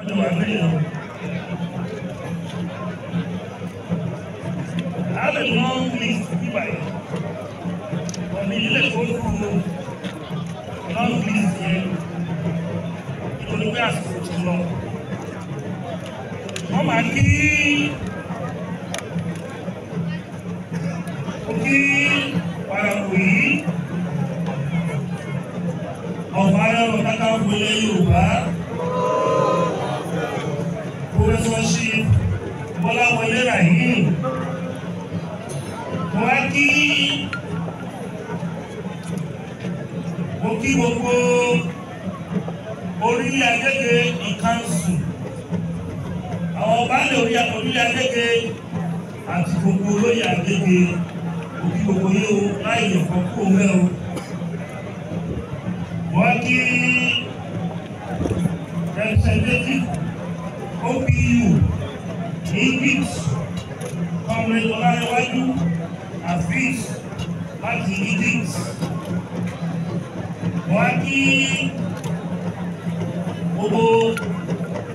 I have a long list nípa yìí. Ọ̀nà ilé ìfowópamọ́ long list yẹn nítorí pé àsìkò ti lọ. Wọ́n máa kí kí Paraku yìí ọ̀fà ẹ̀rọ kátà wọlé Yorùbá. Afọláṣí Bọ́láwọlé Rahim mo á kí mo kí gbogbo orílẹ̀ Agége ìkànsù àwọn baálé orílẹ̀ Agége àti gbogbo olóyè Agége òbí gbogbo yìí o láì yọ̀kan kú òun ẹ̀ o mo á kí representative. OPU, Egypt, Comrade Olayiwaju, Afis, láti Egypt. Wọ́n á kí gbogbo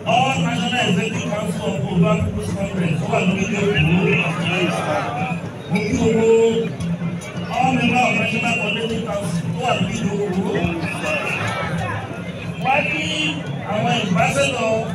all national executive council of Yorùbá people's congress wà lórí ìjọba mo kí gbogbo all member of national coordinating council wà lórí ìjọba wá kí àwọn ìbáṣẹ́ lọ.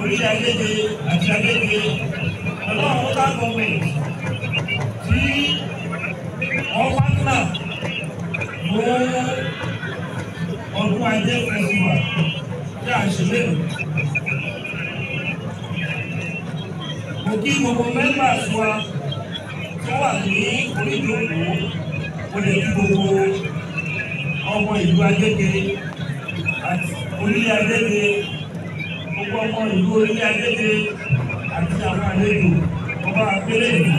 orí Agége àti Agége ọlọ́run local government tí ọwọ́ náà ló ọdún ajé festival tí a ṣe lérò. Mo kí gbogbo members wa tó wà ní onídòwò mo lè kí gbogbo ọmọ ìlú gbogbo ọmọ ìlú orílẹ̀-èdè àti àwọn àlejò ọba abẹ́rẹ́ ìlú.